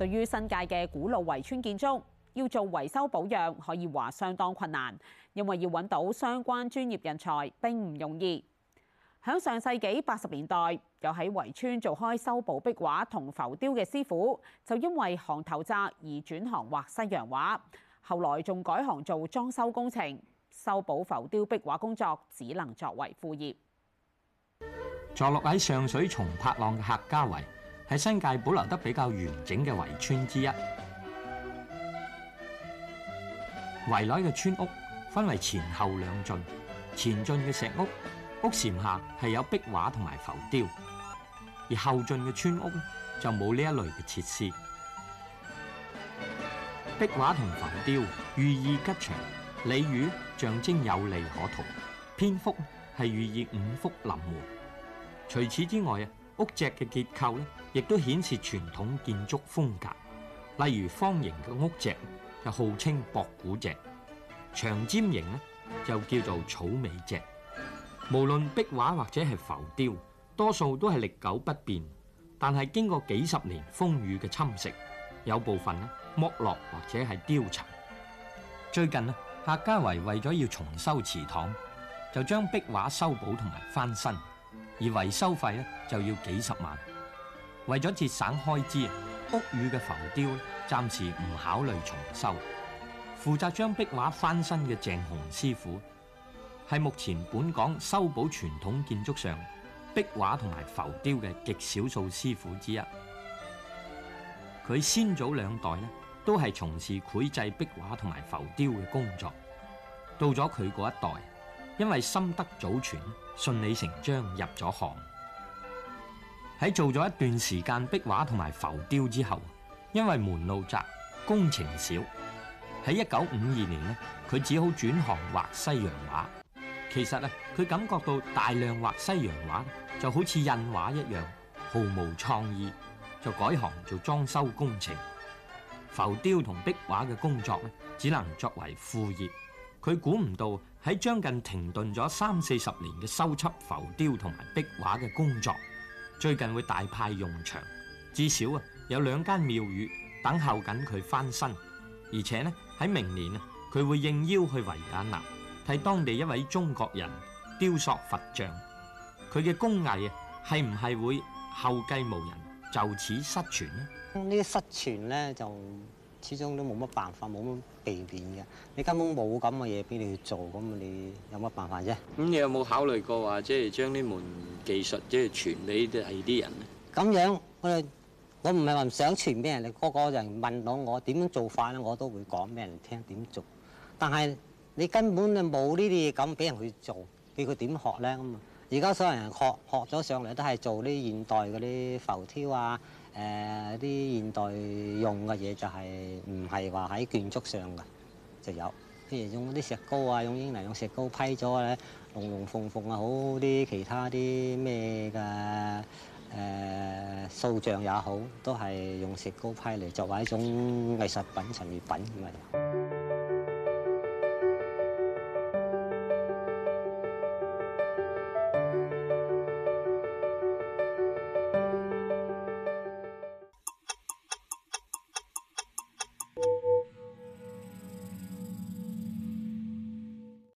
對於新界嘅古老圍村建築，要做維修保養，可以話相當困難，因為要揾到相關專業人才並唔容易。響上世紀八十年代，有喺圍村做開修補壁畫同浮雕嘅師傅，就因為行頭窄而轉行畫西洋畫，後來仲改行做裝修工程，修補浮雕壁畫工作只能作為副業。坐落喺上水松柏塱嘅客家圍，喺新界保留得比較完整嘅圍村之一，圍內嘅村屋分為前後兩進，前進嘅石屋屋檐下係有壁畫同埋浮雕，而後進嘅村屋就冇呢一類嘅設施。壁畫同浮雕寓意吉祥，鯉魚象徵有利可圖，蝙蝠係寓意五福臨門。除此之外啊。屋脊嘅結構咧，亦都顯示傳統建築風格，例如方形嘅屋脊就號稱博古脊，長尖形咧就叫做草尾脊。無論壁畫或者係浮雕，多數都係歷久不變，但係經過幾十年風雨嘅侵蝕，有部分咧剝落或者係凋殘。最近啊，客家圍為咗要重修祠堂，就將壁畫修補同埋翻新。而維修費咧就要幾十萬，為咗節省開支，屋宇嘅浮雕暫時唔考慮重修。負責將壁畫翻新嘅鄭雄師傅，係目前本港修補傳統建築上壁畫同埋浮雕嘅極少數師傅之一。佢先祖兩代咧都係從事繪製壁畫同埋浮雕嘅工作，到咗佢嗰一代，因為深得祖傳，順理成章入咗行，喺做咗一段時間壁畫同埋浮雕之後，因為門路窄、工程少，喺一九五二年咧，佢只好轉行畫西洋畫。其實咧，佢感覺到大量畫西洋畫就好似印畫一樣，毫無創意，就改行做裝修工程。浮雕同壁畫嘅工作咧，只能作為副業。佢估唔到喺將近停頓咗三四十年嘅修葺浮雕同埋壁畫嘅工作，最近會大派用場。至少啊，有兩間廟宇等候緊佢翻身。而且呢，喺明年啊，佢會應邀去維也納替當地一位中國人雕塑佛像。佢嘅工藝啊，係唔係會後繼無人，就此失傳？呢啲失傳呢，就～始終都冇乜辦法，冇乜避免嘅。你根本冇咁嘅嘢俾你去做，咁你有乜辦法啫？咁你有冇考慮過話，即係將呢門技術即係傳俾係啲人咧？咁樣我我唔係話唔想傳俾人哋，個個人問到我點樣做法，我都會講俾人聽點做。但係你根本就冇呢啲嘢咁俾人去做，佢點學咧咁啊？而家所有人學學咗上嚟都係做啲現代嗰啲浮雕啊，誒、呃、啲現代用嘅嘢就係唔係話喺建築上嘅就有，譬如用啲石膏啊，用英泥用石膏批咗咧，龍龍鳳鳳啊，好啲其他啲咩嘅誒塑像也好，都係用石膏批嚟作為一種藝術品陳列品咁啊！